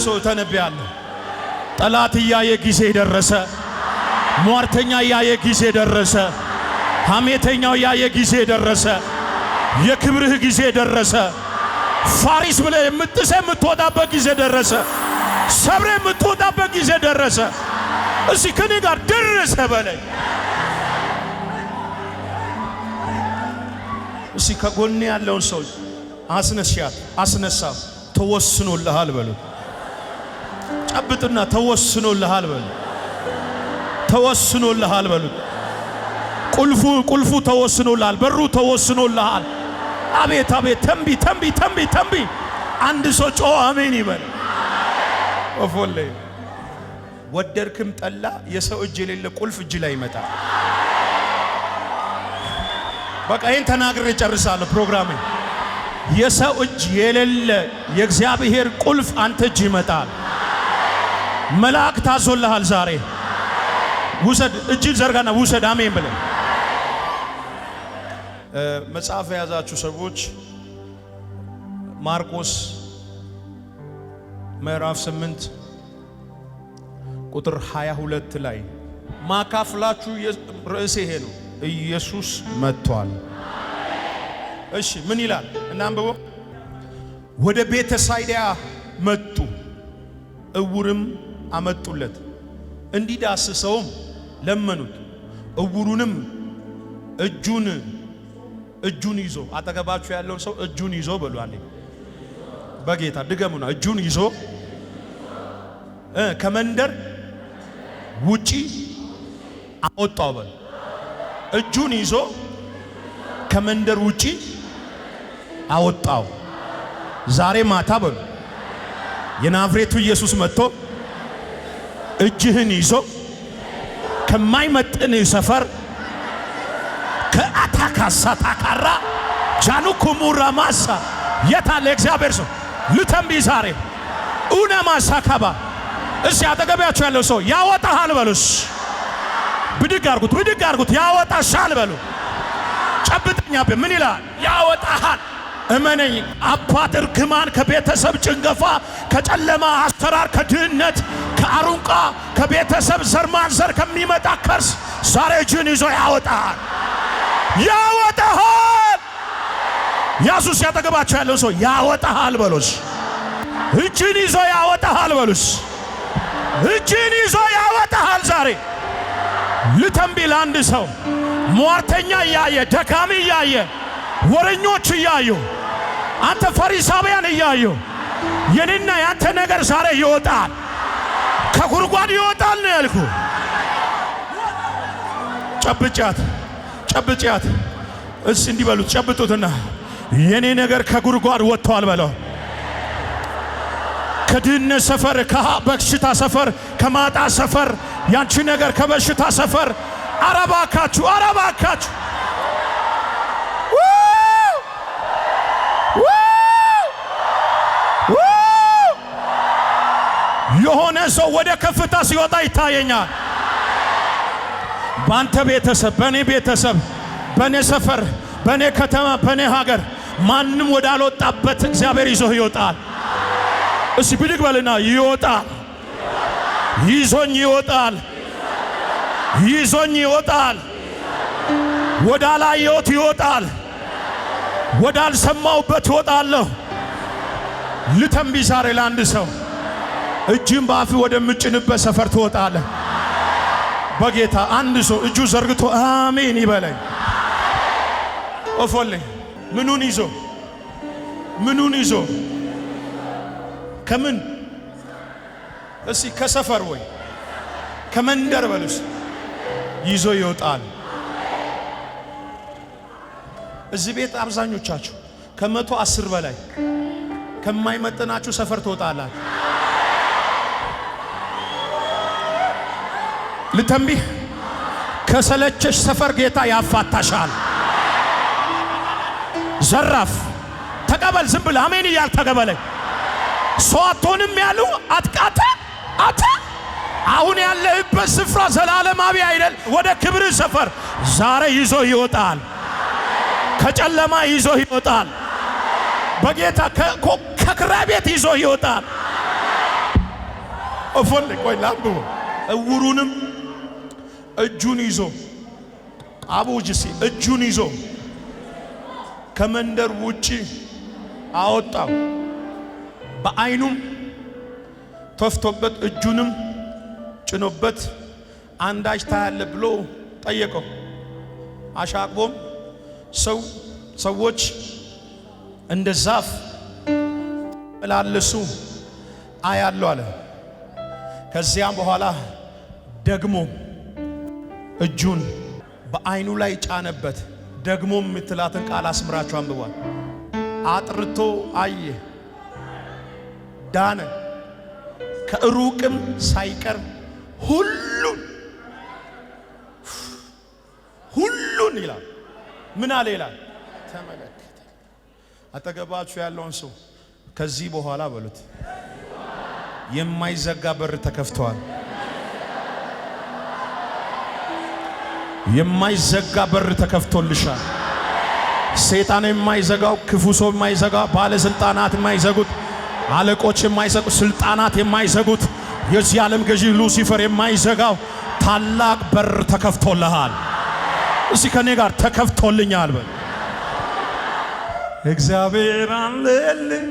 መልሶ ተነብያለሁ። ጠላት እያየ ጊዜ ደረሰ። ሟርተኛ እያየ ጊዜ ደረሰ። ሐሜተኛው እያየ ጊዜ ደረሰ። የክብርህ ጊዜ ደረሰ። ፋሪስ ብለ የምትሰ የምትወጣበት ጊዜ ደረሰ። ሰብረ የምትወጣበት ጊዜ ደረሰ። እሲ ከኔ ጋር ደረሰ በለኝ። እሲ ከጎኔ ያለውን ሰው አስነሻት አስነሳ ተወስኖልሃል በሉት። ጨብጥና ተወስኖልሃል በሉ። ተወስኖልሃል በሉ። ቁልፉ ቁልፉ ተወስኖልሃል። በሩ ተወስኖልሃል። አቤት አቤት! ተንቢ ተንቢ ተንቢ ተንቢ! አንድ ሰው ጮ አሜን ይበል። ኦፎሌ ወደድክም ጠላ፣ የሰው እጅ የሌለ ቁልፍ እጅ ላይ ይመጣል። በቃ ይህን ተናግሬ ጨርሳለሁ ፕሮግራሜ። የሰው እጅ የሌለ የእግዚአብሔር ቁልፍ አንተ እጅ ይመጣል። መልአክ ታዞልሃል ዛሬ። ውሰድ፣ እጅን ዘርጋና ውሰድ። አሜን ብለ መጽሐፍ የያዛችሁ ሰዎች ማርቆስ ምዕራፍ 8 ቁጥር 22 ላይ ማካፍላችሁ ርዕሴ ይሄ ነው፣ ኢየሱስ መጥቷል። እሺ ምን ይላል? እናንብቦ ወደ ቤተ ሳይዳ መጡ፣ እውርም አመጡለት። እንዲዳስሰውም ለመኑት። እውሩንም እጁን እጁን ይዞ አጠገባችሁ ያለውን ሰው እጁን ይዞ በሏል። በጌታ ድገሙና እጁን ይዞ ከመንደር ውጪ አወጣው በል። እጁን ይዞ ከመንደር ውጪ አወጣው። ዛሬ ማታ በሉ የናዝሬቱ ኢየሱስ መጥቶ እጅህን ይዞ ከማይመጥን ሰፈር ከአታካሳ ታካራ ጃኑ ኩሙራ ማሳ የታለ እግዚአብሔር ሰው ልተንቢ ዛሬ ኡነ ማሳ ካባ እስቲ አጠገቢያቸው ያለው ሰው ያወጣሃል በሉስ። ብድግ አርጉት፣ ብድግ አርጉት። ያወጣሻል በሉ። ጨብጠኛ ምን ይላል? ያወጣሃል እመነኝ አባት እርግማን ከቤተሰብ ጭንገፋ ከጨለማ አሰራር ከድህነት ከአሩንቃ ከቤተሰብ ዘር ማንዘር ከሚመጣ ከርስ ዛሬ እጅን ይዞ ያወጣል ያወጣሃል። ያሱስ ያጠገባቸው ያለው ሰው ያወጣሃል በሉስ። እጅን ይዞ ያወጣሃል በሉስ። እጅን ይዞ ያወጣሃል። ዛሬ ልተንቢል አንድ ሰው ሟርተኛ እያየ ደካሚ እያየ ወረኞች እያዩ አንተ ፈሪሳውያን እያዩ የኔና ያንተ ነገር ዛሬ ይወጣል። ከጉድጓድ ይወጣል ነው ያልኩ። ጨብጫት ጨብጫት። እስ እንዲህ በሉት ጨብጡትና የኔ ነገር ከጉድጓድ ወጥተዋል በለው። ከድህነት ሰፈር፣ ከበሽታ ሰፈር፣ ከማጣ ሰፈር ያንቺ ነገር ከበሽታ ሰፈር አረባካችሁ አረባካችሁ የሆነ ሰው ወደ ከፍታ ሲወጣ ይታየኛል። ባንተ ቤተሰብ፣ በእኔ ቤተሰብ፣ በእኔ ሰፈር፣ በእኔ ከተማ፣ በእኔ ሀገር ማንም ወዳልወጣበት እግዚአብሔር ይዞህ ይወጣል። እስቲ ብድግ በልና ይወጣል። ይዞኝ ይወጣል። ይዞኝ ይወጣል። ወዳላየሁት ይወጣል። ወዳልሰማሁበት ይወጣለሁ። ልተንቢ ዛሬ ለአንድ ሰው እጅም በአፍ ወደምጭንበት ሰፈር ትወጣለህ። በጌታ አንድ ሰው እጁ ዘርግቶ አሜን ይበለኝ። ኦፎልኝ ምኑን ይዞ ምኑን ይዞ ከምን እሲ ከሰፈር ወይ ከመንደር በሉስ ይዞ ይወጣል። እዚህ ቤት አብዛኞቻችሁ ከመቶ አስር በላይ ከማይመጥናችሁ ሰፈር ትወጣላችሁ። ልተንቢህ ከሰለቸሽ ሰፈር ጌታ ያፋታሻል። ዘራፍ ተቀበል። ዝም ብለህ አሜን እያል ተቀበለኝ። ሰው አትሆንም ያሉ አትቃተ አተ አሁን ያለህበት ስፍራ ዘላለማዊ አይደል። ወደ ክብር ሰፈር ዛሬ ይዞ ይወጣል። ከጨለማ ይዞ ይወጣል። በጌታ ከክራይ ቤት ይዞ ይወጣል። እፎልቆይ ላምብ እውሩንም እጁን ይዞ አቡጅሲ እጁን ይዞ ከመንደር ውጪ አወጣው። በአይኑም ተፍቶበት እጁንም ጭኖበት አንዳች ታያለ ብሎ ጠየቀው። አሻቅቦም ሰው ሰዎች እንደ ዛፍ ላለሱ አያሉ አለ። ከዚያም በኋላ ደግሞ እጁን በአይኑ ላይ ጫነበት። ደግሞ የምትላትን ቃል አስምራችሁ አንብቧል። አጥርቶ አየ፣ ዳነ፣ ከሩቅም ሳይቀር ሁሉን ሁሉን ይላል። ምን አለ ይላል? ተመለከተ። አጠገባችሁ ያለውን ሰው ከዚህ በኋላ በሉት፣ የማይዘጋ በር ተከፍተዋል። የማይዘጋ በር ተከፍቶልሻል። ሰይጣን የማይዘጋው፣ ክፉ ሰው የማይዘጋው፣ ባለስልጣናት የማይዘጉት፣ አለቆች የማይዘጉት፣ ስልጣናት የማይዘጉት፣ የዚህ ዓለም ገዢ ሉሲፈር የማይዘጋው ታላቅ በር ተከፍቶልሃል። እስቲ ከኔ ጋር ተከፍቶልኛል በል። እግዚአብሔር አለልኝ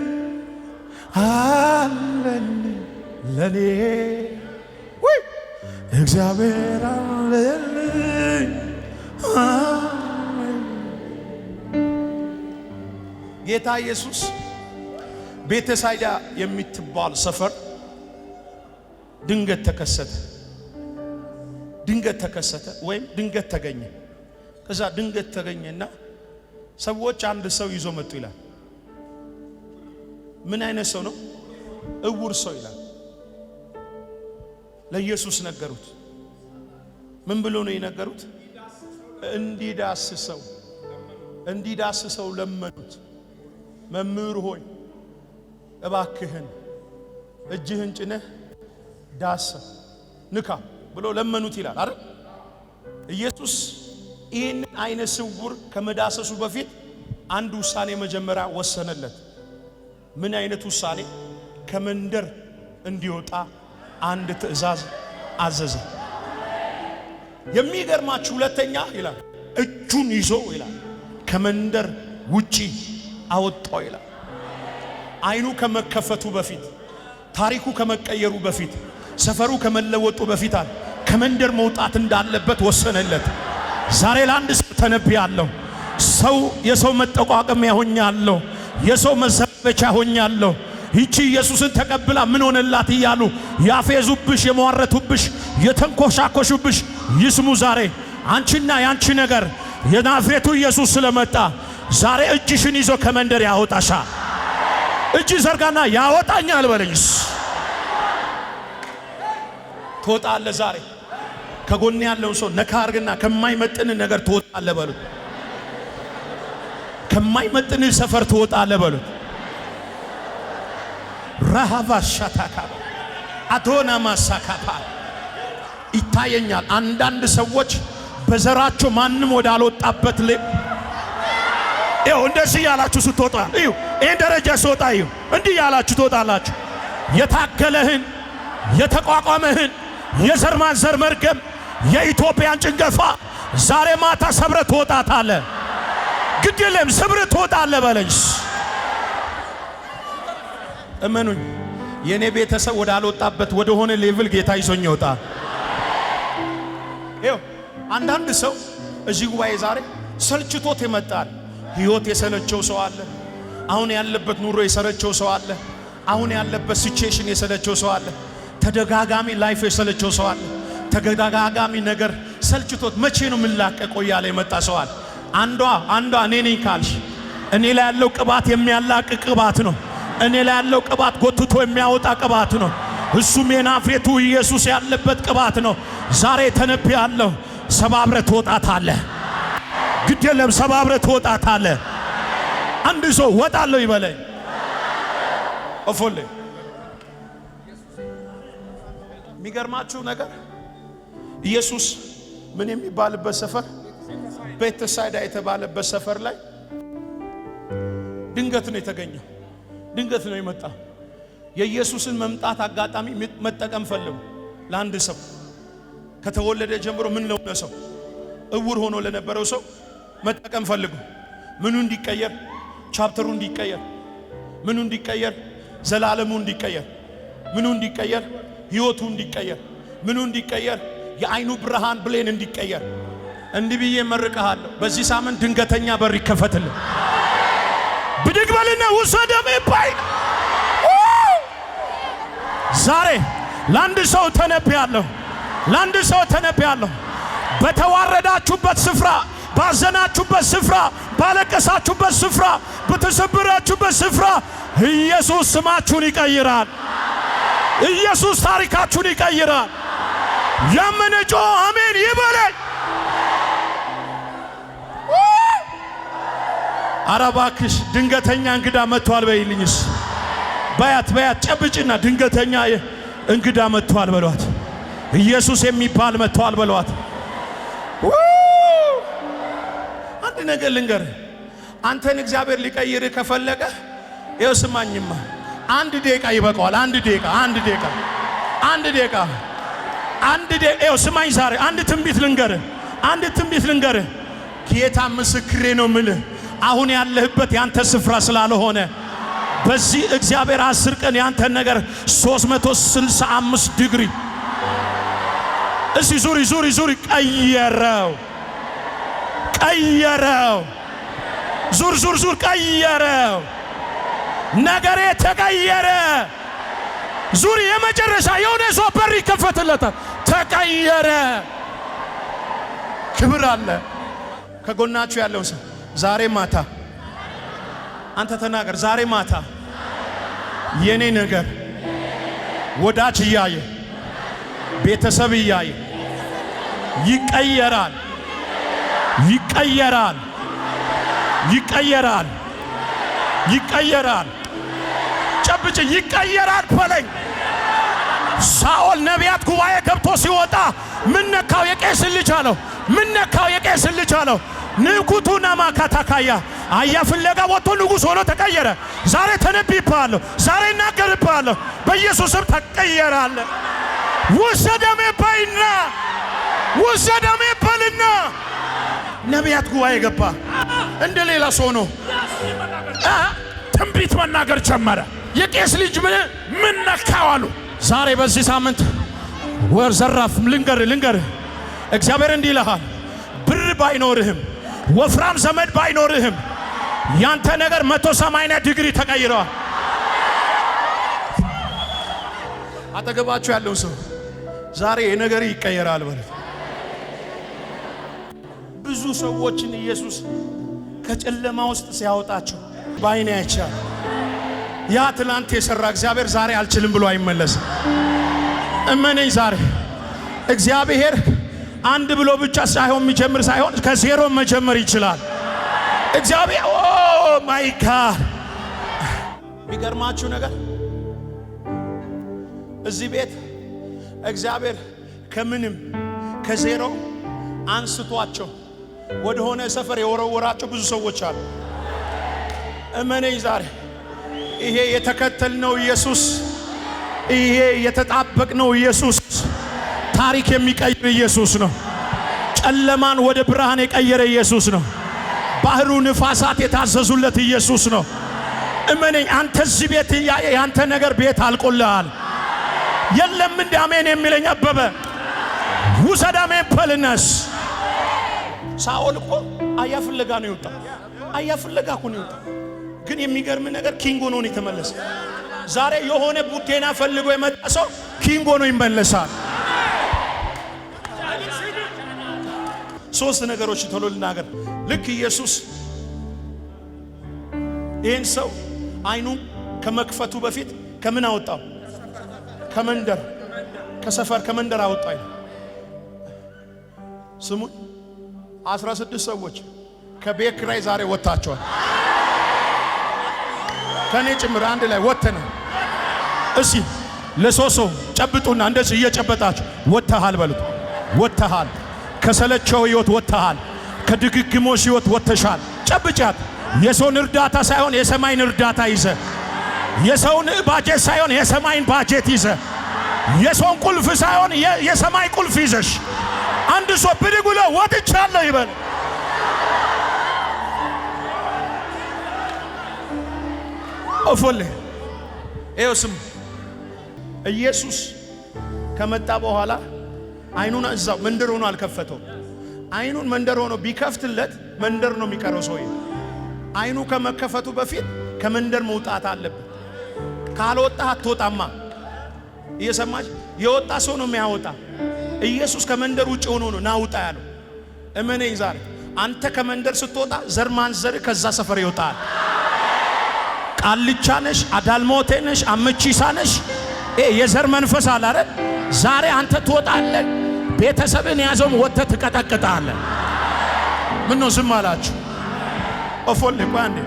አለልኝ ለኔ ወይ እግዚአብሔር አለልኝ ጌታ ኢየሱስ ቤተሳይዳ ሳይዳ የምትባል ሰፈር ድንገት ተከሰተ። ድንገት ተከሰተ ወይም ድንገት ተገኘ። ከዛ ድንገት ተገኘና ሰዎች አንድ ሰው ይዞ መጡ ይላል። ምን አይነት ሰው ነው? እውር ሰው ይላል። ለኢየሱስ ነገሩት። ምን ብሎ ነው የነገሩት? እንዲዳስሰው እንዲዳስሰው ለመኑት። መምህር ሆይ እባክህን እጅህን ጭነህ ዳሰ ንካ ብሎ ለመኑት ይላል አይደል? ኢየሱስ ይህንን አይነ ስውር ከመዳሰሱ በፊት አንድ ውሳኔ መጀመሪያ ወሰነለት። ምን አይነት ውሳኔ? ከመንደር እንዲወጣ አንድ ትእዛዝ አዘዘ። የሚገርማችሁ ሁለተኛ ይላል እጁን ይዞ ይላል ከመንደር ውጪ አወጣው ይላል። አይኑ ከመከፈቱ በፊት ታሪኩ ከመቀየሩ በፊት ሰፈሩ ከመለወጡ በፊት አለ ከመንደር መውጣት እንዳለበት ወሰነለት። ዛሬ ለአንድ ሰው ተነብያለሁ። ሰው የሰው መጠቋቀሚያ ሆኛለሁ፣ የሰው መዘበቻ ሆኛለሁ። ይቺ ኢየሱስን ተቀብላ ምን ሆነላት እያሉ ያፌዙብሽ፣ የመዋረቱብሽ፣ የተንኮሻኮሹብሽ ይስሙ። ዛሬ አንቺና ያንቺ ነገር የናዝሬቱ ኢየሱስ ስለመጣ ዛሬ እጅሽን ይዞ ከመንደር ያወጣሻ። እጅ ዘርጋና ያወጣኛል በለኝስ። ትወጣለ። ዛሬ ከጎን ያለውን ሰው ነካ አርግና ከማይመጥን ነገር ትወጣለ በሉት። ከማይመጥን ሰፈር ትወጣለ በሉት። ረሃባ ሻታካ አቶና ማሳካፋ ይታየኛል። አንዳንድ ሰዎች በዘራቸው ማንም ወዳልወጣበት ለ ይው እንደዚህ ያላችሁ ስትወጣ ይሁ ይህን ደረጃ ስወጣ ይሁ እንዲህ ያላችሁ ትወጣላችሁ። የታገለህን የተቋቋመህን የዘር ማንዘር መርገም የኢትዮጵያን ጭንገፋ ዛሬ ማታ ሰብረ ትወጣታለ። ግድ የለም ሰብረ ትወጣለ በለኝ። እመኑኝ የእኔ ቤተሰብ ወዳልወጣበት ወደ ሆነ ሌቭል ጌታ ይዞኝ ይወጣል። ይኸው አንዳንድ ሰው እዚህ ጉባኤ ዛሬ ሰልችቶት ይመጣል። ህይወት የሰለቸው ሰው አለ። አሁን ያለበት ኑሮ የሰለቸው ሰው አለ። አሁን ያለበት ሲቹዌሽን የሰለቸው ሰው አለ። ተደጋጋሚ ላይፍ የሰለቸው ሰው አለ። ተደጋጋሚ ነገር ሰልችቶት መቼ ነው የምላቀቀው እያለ የመጣ ሰው አለ። አንዷ አንዷ እኔ ነኝ ካልሽ እኔ ላይ ያለው ቅባት የሚያላቅ ቅባት ነው። እኔ ላይ ያለው ቅባት ጎትቶ የሚያወጣ ቅባት ነው። እሱም የናፍሬቱ ኢየሱስ ያለበት ቅባት ነው። ዛሬ ተነብያለሁ። ሰባብረ ትወጣታለህ። ግድ የለም ሰባብረ ትወጣታለህ። አንድ ሰው ወጣለሁ ይበለኝ። እፎሌ የሚገርማችሁ ነገር ኢየሱስ ምን የሚባልበት ሰፈር ቤተሳይዳ የተባለበት ሰፈር ላይ ድንገት ነው የተገኘው። ድንገት ነው የመጣው። የኢየሱስን መምጣት አጋጣሚ መጠቀም ፈልጉ ለአንድ ሰው ከተወለደ ጀምሮ ምን ለሆነ ሰው እውር ሆኖ ለነበረው ሰው መጠቀም ፈልጉ። ምኑ እንዲቀየር፣ ቻፕተሩ እንዲቀየር፣ ምኑ እንዲቀየር፣ ዘላለሙ እንዲቀየር፣ ምኑ እንዲቀየር፣ ህይወቱ እንዲቀየር፣ ምኑ እንዲቀየር፣ የአይኑ ብርሃን ብሌን እንዲቀየር። እንዲህ ብዬ መርቀሃለሁ። በዚህ ሳምንት ድንገተኛ በር ይከፈትልን። ብድግ በልና ውሰደም ይባይ ዛሬ ለአንድ ሰው ተነብያለሁ፣ ለአንድ ሰው ተነብያለሁ። በተዋረዳችሁበት ስፍራ፣ ባዘናችሁበት ስፍራ፣ ባለቀሳችሁበት ስፍራ፣ በተሰበራችሁበት ስፍራ ኢየሱስ ስማችሁን ይቀይራል። ኢየሱስ ታሪካችሁን ይቀይራል። ያመነጮ አሜን ይበለኝ። አረ እባክሽ ድንገተኛ እንግዳ መጥቷል በይልኝስ በያት በያት ጨብጭና ድንገተኛ እንግዳ መጥቷል በሏት። ኢየሱስ የሚባል መጥቷል በሏት። አንድ ነገር ልንገር፣ አንተን እግዚአብሔር ሊቀይር ከፈለገ ይኸው ስማኝማ፣ አንድ ደቂቃ ይበቃዋል። አንድ ደቂቃ አንድ ደቂቃ አንድ ደቂቃ አንድ ደቂቃ ይኸው ስማኝ፣ ዛሬ አንድ ትንቢት ልንገር፣ አንድ ትንቢት ልንገር። ጌታ ምስክሬ ነው ምልህ አሁን ያለህበት ያንተ ስፍራ ስላልሆነ በዚህ እግዚአብሔር አስር ቀን ያንተን ነገር 365 ዲግሪ እሺ፣ ዙሪ ዙሪ ዙሪ፣ ቀየረው ቀየረው። ዙር ዙር ዙር፣ ቀየረው። ነገሬ ተቀየረ። ዙሪ፣ የመጨረሻ የሆነ ሰው በር ይከፈትለታል። ተቀየረ። ክብር አለ። ከጎናችሁ ያለውን ሰው ዛሬ ማታ አንተ ተናገር። ዛሬ ማታ የኔ ነገር ወዳች እያየ ቤተሰብ እያየ ይቀየራል፣ ይቀየራል፣ ይቀየራል፣ ይቀየራል። ጨብጭ ይቀየራል በለኝ። ሳኦል ነቢያት ጉባኤ ገብቶ ሲወጣ ምን ነካው? የቄስ ልጅ አለው። ምን ነካው? የቄስ ልጅ አለው። ንኩቱ ነማካታካያ። አያ ፍለጋ ወጥቶ ንጉሥ ሆኖ ተቀየረ። ዛሬ ተነብይብሃለሁ፣ ዛሬ እናገርብሃለሁ። በኢየሱስም ተቀየራለ። ውሰደሜ ባይና ውሰደሜ በልና ነቢያት ጉባኤ ገባ። እንደ ሌላ ሰው ነው ትንቢት መናገር ጀመረ። የቄስ ልጅ ምን ምን ነካው አሉ። ዛሬ በዚህ ሳምንት ወር ዘራፍ ልንገር ልንገር እግዚአብሔር እንዲህ ይልሃል። ብር ባይኖርህም ወፍራም ዘመድ ባይኖርህም ያንተ ነገር መቶ ሰማንያ ዲግሪ ተቀይረዋል። አጠገባችሁ ያለው ሰው ዛሬ የነገር ይቀየራል በለት። ብዙ ሰዎችን ኢየሱስ ከጨለማ ውስጥ ሲያወጣቸው በአይኔ አይቻል። ያ ትላንት የሰራ እግዚአብሔር ዛሬ አልችልም ብሎ አይመለስም። እመነኝ ዛሬ እግዚአብሔር አንድ ብሎ ብቻ ሳይሆን የሚጀምር ሳይሆን ከዜሮ መጀመር ይችላል እግዚአብሔር ማይ ጋድ የሚገርማችሁ ነገር እዚህ ቤት እግዚአብሔር ከምንም ከዜሮ አንስቷቸው ወደሆነ ሰፈር የወረወራቸው ብዙ ሰዎች አሉ። እመነኝ ዛሬ ይሄ የተከተልነው ኢየሱስ፣ ይሄ የተጣበቅነው ኢየሱስ ታሪክ የሚቀይር ኢየሱስ ነው። ጨለማን ወደ ብርሃን የቀየረ ኢየሱስ ነው። ባህሩ ንፋሳት የታዘዙለት ኢየሱስ ነው። እመነኝ፣ አንተ እዚህ ቤት ያንተ ነገር ቤት አልቆልሃል። የለም እንደ አሜን የሚለኝ አበበ ውሰድ አሜን በልነስ ሳኦል እኮ አያ ፍለጋ ነው ይወጣ አያ ፍለጋ እኮ ነው ይወጣ። ግን የሚገርም ነገር ኪንግ ሆኖ ነው የተመለሰ። ዛሬ የሆነ ቡቴና ፈልጎ የመጣ ሰው ኪንግ ሆኖ ይመለሳል። ሶስት ነገሮች ቶሎ ልናገር። ልክ ኢየሱስ ይህን ሰው አይኑን ከመክፈቱ በፊት ከምን አወጣው? ከመንደር ከሰፈር ከመንደር አወጣው። ስሙን አስራ ስድስት ሰዎች ከቤክራይ ዛሬ ወጥታቸዋል። ከኔ ጭምር አንድ ላይ ወጥተነ። እሺ ለሶሶ ጨብጡና እንደዚህ እየጨበጣችሁ ወጥተሃል በሉት። ወጥተሃል ከሰለቸው ህይወት ወጥተሃል። ከድግግሞሽ ህይወት ወጥተሻል። ጨብጫት። የሰውን እርዳታ ሳይሆን የሰማይን እርዳታ ይዘ የሰውን ባጀት ሳይሆን የሰማይን ባጀት ይዘ የሰውን ቁልፍ ሳይሆን የሰማይ ቁልፍ ይዘሽ አንድ ሰው ብድግ ብሎ ወጥቻለሁ ይበል። ኦፎሌ ይኸው ኢየሱስ ከመጣ በኋላ አይኑን እዛው መንደር ሆኖ አልከፈተው። አይኑን መንደር ሆኖ ቢከፍትለት መንደር ነው የሚቀረው ሰውዬ። አይኑ ከመከፈቱ በፊት ከመንደር መውጣት አለበት። ካልወጣህ አትወጣማ። እየሰማች የወጣ ሰው ነው የሚያወጣ። ኢየሱስ ከመንደር ውጭ ሆኖ ነው ናውጣ ያለው። እመነኝ ዛሬ አንተ ከመንደር ስትወጣ ዘር ማንዘር ከዛ ሰፈር ይወጣል። ቃልቻ ነሽ፣ አዳልሞቴ ነሽ፣ አመቺሳ ነሽ የዘር መንፈስ አለ አይደል? ዛሬ አንተ ትወጣለህ፣ ቤተሰብን ያዘውም ወጥተህ ትቀጠቅጣለህ። ምን ነው ዝም አላችሁ? ኦፎል ቆይ አንዴ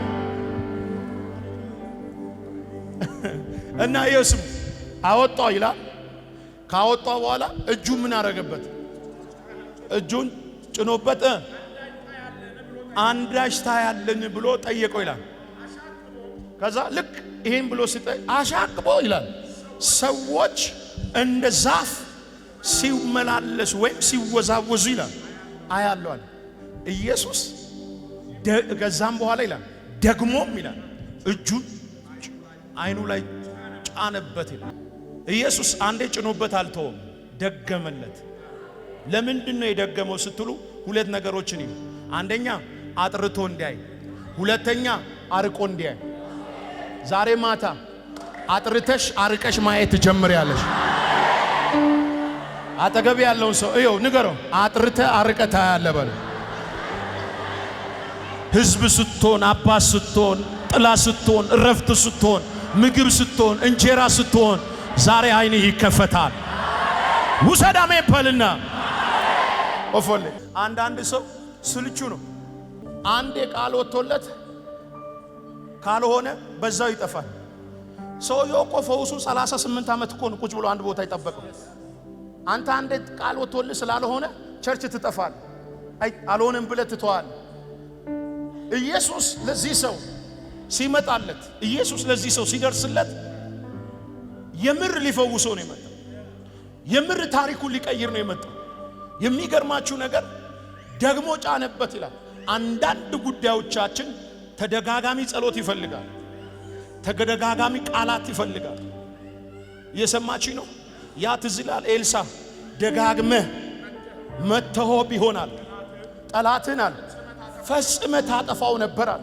እና ይኸው ስሙ አወጣው ይላል። ካወጣ በኋላ እጁ ምን አረገበት? እጁን ጭኖበት አንዳሽታ ታያለን ብሎ ጠየቀው ይላል። ከዛ ልክ ይሄን ብሎ ሲጠይቅ አሻቅቦ ይላል ሰዎች እንደ ዛፍ ሲመላለሱ ወይም ሲወዛወዙ ይላል አያለዋል። ኢየሱስ ከዛም በኋላ ይላል ደግሞም ይላል እጁን አይኑ ላይ ጫነበት ይላል። ኢየሱስ አንዴ ጭኖበት አልተውም፣ ደገመለት። ለምንድን ነው የደገመው ስትሉ ሁለት ነገሮችን ይሉ፣ አንደኛ አጥርቶ እንዲያይ፣ ሁለተኛ አርቆ እንዲያይ። ዛሬ ማታ አጥርተሽ አርቀሽ ማየት ትጀምሪያለሽ። አጠገብ ያለውን ሰው እየው ንገረው፣ አጥርተ አርቀ ታያለ በለ። ህዝብ ስትሆን፣ አባት ስትሆን፣ ጥላ ስትሆን፣ እረፍት ስትሆን፣ ምግብ ስትሆን፣ እንጀራ ስትሆን፣ ዛሬ አይንህ ይከፈታል። ውሰዳሜ አሜን በልና ኦፎሌ። አንዳንድ ሰው ስልቹ ነው። አንዴ ቃል ወጥቶለት ካልሆነ በዛው ይጠፋል። ሰውየው እኮ ፈውሱ 38 ዓመት እኮ ቁጭ ብሎ አንድ ቦታ አይጠበቅም። አንተ አንድ ቃል ወጥቶልህ ስላልሆነ ቸርች ትጠፋል። አይ አልሆነም ብለህ ትተዋል። ኢየሱስ ለዚህ ሰው ሲመጣለት፣ ኢየሱስ ለዚህ ሰው ሲደርስለት የምር ሊፈውሰው ነው የመጣው። የምር ታሪኩን ሊቀይር ነው የመጣው። የሚገርማችሁ ነገር ደግሞ ጫነበት ይላል። አንዳንድ ጉዳዮቻችን ተደጋጋሚ ጸሎት ይፈልጋል። ተደጋጋሚ ቃላት ይፈልጋል። እየሰማች ነው። ያ ትዝ ይላል። ኤልሳ ደጋግመህ መተሆ ቢሆናል ጠላትን አለ ፈጽመ ታጠፋው ነበር አለ።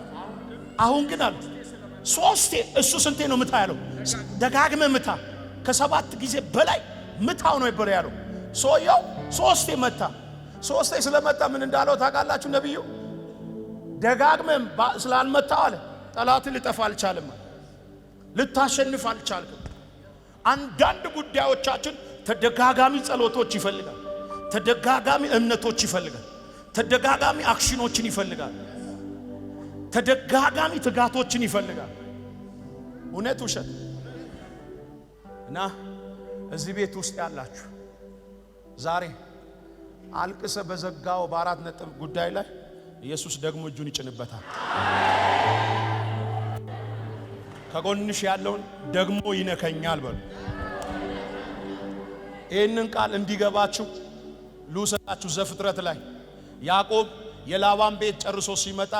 አሁን ግን አለ ሶስቴ። እሱ ስንቴ ነው ምታ ያለው? ደጋግመ ምታ። ከሰባት ጊዜ በላይ ምታው ነው ይበረ ያለው። ሰውየው ሶስቴ መታ። ሶስቴ ስለመታ ምን እንዳለው ታውቃላችሁ? ነቢዩ ደጋግመ ስላልመታው አለ ጠላትን ሊጠፋ አልቻለም። ልታሸንፍ አልቻልክም። አንዳንድ ጉዳዮቻችን ተደጋጋሚ ጸሎቶች ይፈልጋል፣ ተደጋጋሚ እምነቶች ይፈልጋል፣ ተደጋጋሚ አክሽኖችን ይፈልጋል፣ ተደጋጋሚ ትጋቶችን ይፈልጋል። እውነት ውሸት እና እዚህ ቤት ውስጥ ያላችሁ ዛሬ አልቅሰ በዘጋው በአራት ነጥብ ጉዳይ ላይ ኢየሱስ ደግሞ እጁን ይጭንበታል። ከጎንሽ ያለውን ደግሞ ይነከኛል በሉ። ይህንን ቃል እንዲገባችሁ ልውሰዳችሁ። ዘፍጥረት ላይ ያዕቆብ የላባን ቤት ጨርሶ ሲመጣ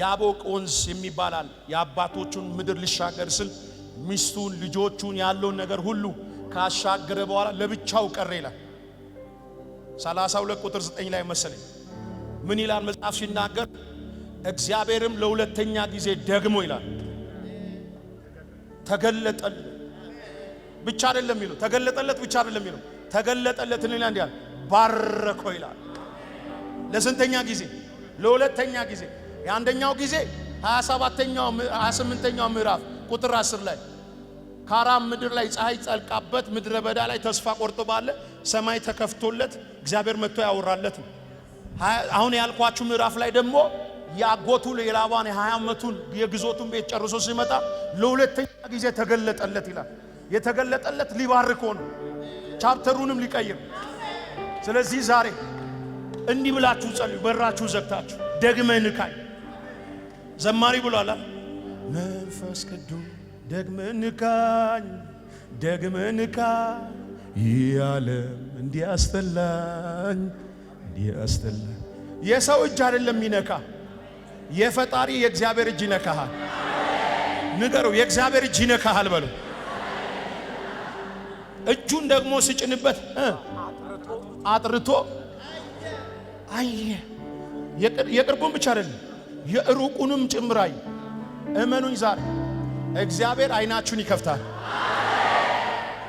ያቦቅ ወንዝ የሚባላል የአባቶቹን ምድር ሊሻገር ስል ሚስቱን፣ ልጆቹን ያለውን ነገር ሁሉ ካሻገረ በኋላ ለብቻው ቀረ ይላል። 32 ቁጥር 9 ላይ መሰለኝ ምን ይላል መጽሐፍ ሲናገር፣ እግዚአብሔርም ለሁለተኛ ጊዜ ደግሞ ይላል ተገለጠል ብቻ አይደለም የሚለው ተገለጠለት ብቻ አይደለም የሚለው ተገለጠለት ሌላ እንዲህ ባረከው ይላል። ለስንተኛ ጊዜ? ለሁለተኛ ጊዜ። የአንደኛው ጊዜ 27ኛው 28ኛው ምዕራፍ ቁጥር 10 ላይ ከአራም ምድር ላይ ፀሐይ ጸልቃበት ምድረ በዳ ላይ ተስፋ ቆርጦ ባለ ሰማይ ተከፍቶለት እግዚአብሔር መጥቶ ያወራለት ነው። አሁን ያልኳችሁ ምዕራፍ ላይ ደግሞ ያጎቱ የላባን የሀያ ዓመቱን የግዞቱን ቤት ጨርሶ ሲመጣ ለሁለተኛ ጊዜ ተገለጠለት ይላል። የተገለጠለት ሊባርኮ ነው፣ ቻፕተሩንም ሊቀይር። ስለዚህ ዛሬ እንዲህ ብላችሁ ጸልዩ፣ በራችሁ ዘግታችሁ ደግመ ንካኝ። ዘማሪ ብሏል መንፈስ ቅዱስ ደግመ ንካኝ፣ ደግመ ንካኝ፣ ይህ ዓለም እንዲያስጠላኝ፣ እንዲያስጠላኝ የሰው እጅ አይደለም ይነካ የፈጣሪ የእግዚአብሔር እጅ ይነካሃል። ንገሩ፣ የእግዚአብሔር እጅ ይነካሃል በሉ። እጁን ደግሞ ስጭንበት አጥርቶ አየ። የቅርቡን ብቻ አይደለም የሩቁንም ጭምር አየ። እመኑኝ ዛሬ እግዚአብሔር አይናችሁን ይከፍታል።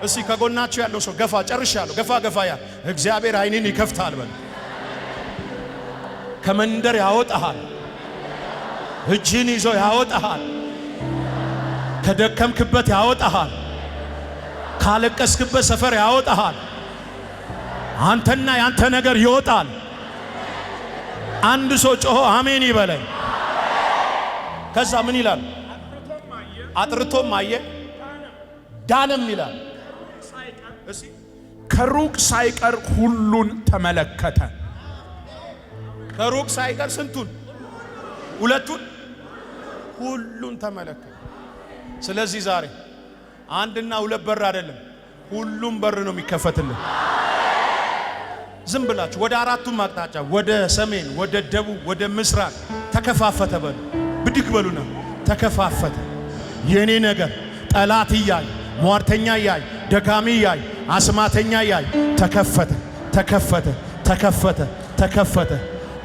እስቲ ከጎናችሁ ያለው ሰው ገፋ ጨርሻለሁ፣ ገፋ ገፋ ያ እግዚአብሔር አይንን ይከፍታል በል። ከመንደር ያወጣሃል። እጅን ይዞ ያወጣሃል። ከደከምክበት ያወጣሃል። ካለቀስክበት ሰፈር ያወጣሃል። አንተና ያንተ ነገር ይወጣል። አንድ ሰው ጮሆ አሜን ይበለኝ። ከዛ ምን ይላል? አጥርቶም አየ ዳንም ይላል። ከሩቅ ሳይቀር ሁሉን ተመለከተ። ከሩቅ ሳይቀር ስንቱን? ሁለቱን ሁሉን ተመለከተ። ስለዚህ ዛሬ አንድና ሁለት በር አይደለም፣ ሁሉም በር ነው የሚከፈትልን። ዝም ብላችሁ ወደ አራቱም አቅጣጫ ወደ ሰሜን፣ ወደ ደቡብ፣ ወደ ምስራቅ ተከፋፈተ በሉ። ብድግ በሉና ተከፋፈተ። የኔ ነገር ጠላት እያይ ሟርተኛ እያይ ደጋሚ እያይ አስማተኛ እያይ ተከፈተ፣ ተከፈተ፣ ተከፈተ፣ ተከፈተ።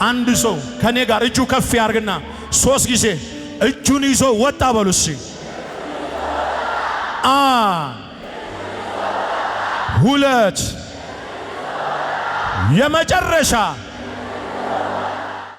አንድ ሰው ከኔ ጋር እጁ ከፍ ያርግና ሶስት ጊዜ እጁን ይዞ ወጣ በሉ። እሺ አ ሁለት የመጨረሻ